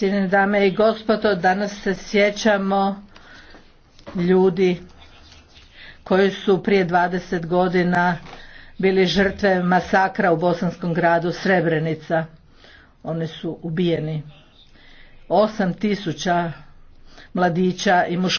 Cijenjene dame i gospodo, danas se sjećamo ljudi koji su prije 20 godina bili žrtve masakra u bosanskom gradu Srebrenica. Oni su ubijeni. 8 tisuća mladića i muškarica